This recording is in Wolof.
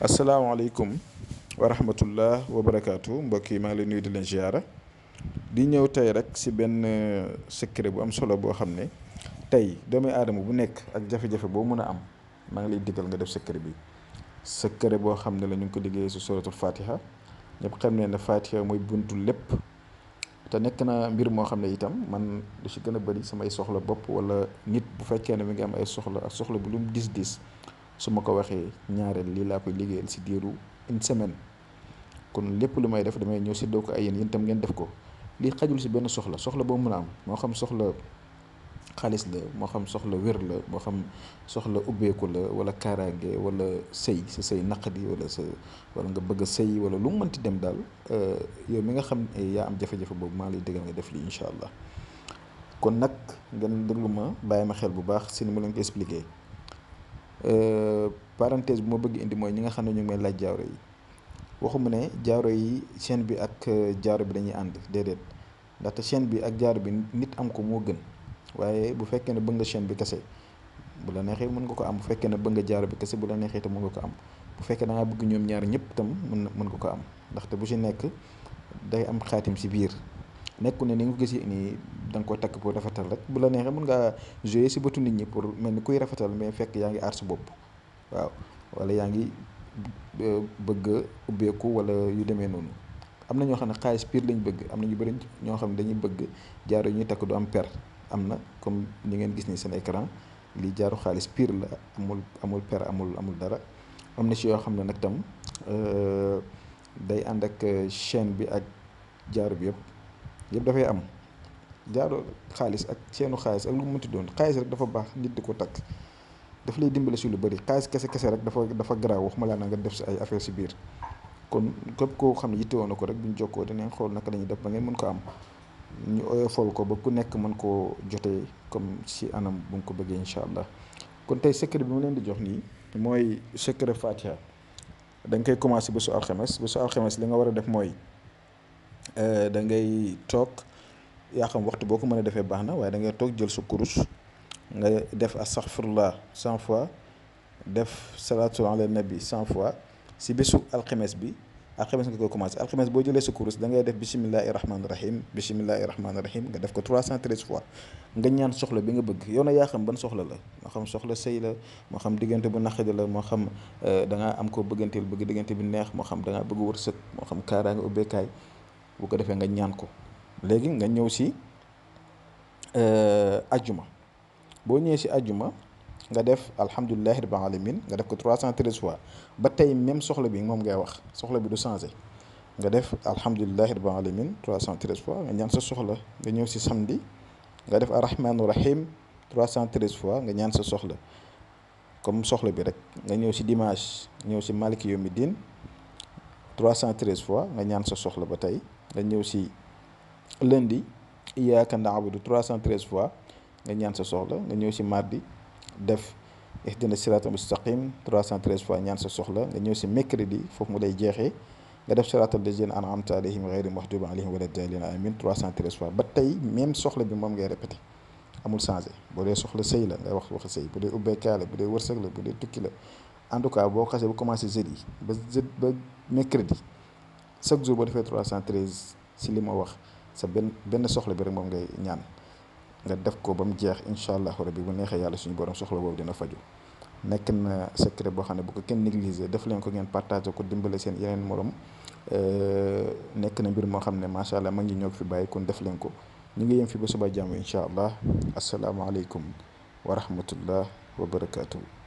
asalaamaaleykum wa rahmatullah wa barakaatu mbokk yi maa ngi lay nuyu di leen ziara di ñëw tey rek si benn secret bu am solo boo xam ne tey doomu bu nekk ak jafe-jafe boo mën a am maa ngi lay diggal nga def secret bi secret boo xam la ñu ko liggéeyee si suratul fatiha ñëpp xam ne fatiha mooy buntu lépp te nekk na mbir moo xam itam man lu si gën a samay soxla bop wala nit bu fekkee ne mi ngi am ay soxla ak soxla bu lu dis dis su ma ko waxee ñaareel lii laa koy liggéeyal si diiru une semaine kon lépp lu may def damay ñëw séddoo ko ay yéen yéen itam ngeen def ko lii xajul si benn soxla soxla boo mën a am moo xam soxla xaalis la moo xam soxla wér la moo xam soxla ubbeeku la wala kaaraange wala sëy sa sëy naqdi wala sa wala nga bëgg a sëy wala lu mu ti dem daal yow mi nga xam yaa am jafe-jafe boobu maa lay dëggal nga def lii incha allah kon nag ngeen déglu ma bàyyi ma xel bu baax si ni mu leen ko expliqué. Euh, parenthèse bu ma bëgg indi mooy ñi nga xam ne ñu ngi may laaj jaaro yi waxuma ne jaaro yi chaîne bi ak euh, jaaro bi dañuy ànd déedéet ndaxte chaîne bi ak jaaro bi nit am ko moo gën waaye bu fekkee ne bëgg nga bi kese bu la neexee mën nga ko am bu fekkee ne bëgg jaaro bi kese bu la neexee itam nga ko am bu fekkee da bëgg ñoom ñaar ñëpp itam mën na mën nga ko am ndaxte bu ci nekk day am xaatim si biir nekku ne ni nga ko gisee dang da nga koy takk pour rafetal rek bu la neexee mën ngaa jouer si bëtu nit ñi pour ni kuy rafetal mais fekk yaa ngi aar sa waaw wala yaa ngi bëgg ubbeeku wala yu demee noonu am na ñoo xam ne xaalis pire lañ bëgg am na ñu bëri ñoo xam ne dañuy bëgg jaaro ñuy takk du am per amna comme ni ngeen gis ni seen écran li jaaru pire la amul amul per amul amul dara amna na si yoo xam ne nag day ànd ak eh, chaîne bi ak bi yëpp dafay am jaaro xaalis ak seenu xaalis ak lu mu mënti doon xaalis rek dafa baax nit di ko takk daf lay dimbale si lu bëri xaalis kese kese rek dafa dafa garaaw waxuma laa nga def si ay affaire si biir kon képp koo xam ne yittewoo na ko rek buñ jokkoo dinañ xool naka la ñuy def ba ngeen mën ko am ñu oyofal ko ba ku nekk mën koo jotee comme si anam bu ko bëggee incha allah kon tey secret bi mu leen di jox nii mooy secret Fatiha da nga koy commencé ba su alxames ba su li nga war a def mooy. Eh, da ngay toog yaa xam waxtu boo ko mën a talk baax na waaye da ngay toog jël sa nga def astaghfirullah cent fois def salatu ala nabi cent fois si bésu alxemes bi alxemes nga koy commencé alxemes boo jëlee sa da ngay def bisimilahi rahmaani rahim bisimilahi rahim nga def ko 313 fois nga ñaan soxla bi nga bëgg yow na yaa xam ban soxla la moo xam soxla sëy la moo xam diggante bu naqadi la moo xam eh, da ngaa am ko bëgganteel bëgg diggante bi neex xam da bëgg xam bu ko defee nga ñaan ko léegi nga ñëw si ajjuma boo ñëwee si ajjuma nga def alhamdulilahi rabbil alamin nga def ko 313 fois ba tey même soxla bi moom ngay wax soxla bi du changé nga def alhamdulilahi rabbil alamin 313 fois nga ñaan sa soxla nga ñëw si samedi nga def arrahmanu rahim 313 fois nga ñaan sa soxla comme soxla bi rek nga ñëw si dimanche ñëw si maliki yawmi din 313 fois nga ñaan sa soxla ba tay da ñew ci lundi iyyaka na'budu 313 fois nga ñaan sa soxla nga ñew ci mardi def ihdina sirata mustaqim 313 fois ñaan sa soxla nga ñew ci mercredi fofu mu lay jexé nga def sirata allazina an'amta alayhim ghayril maghdubi alayhim wala daalin amin 313 fois ba tay même soxla bi mom ngay répété amul changé bo dee soxla sey la ngay wax wax sey bu dee ubbe la bu dee wërsëg la bu dee tukki la en tout cas bo xasse bu commencé jeudi ba ba mercredi chaque jour bo defé 313 ci lima wax sa ben ben soxla bi rek mom ngay ñaan nga def ko bam jeex inshallah rabbi bu neexee yàlla suñu borom soxla bobu dina faju nek na secret bo xamné bu ko kenn négliger def leen ko ngeen partager ko dimbale seen yeneen morom euh nek na mbir mo xamné ma sha allah ma ngi ñok fi bàyyi kon def leen ko ñu ngi yem fi ba suba jàmm inshallah assalamu alaykum wa rahmatullah wa barakatuh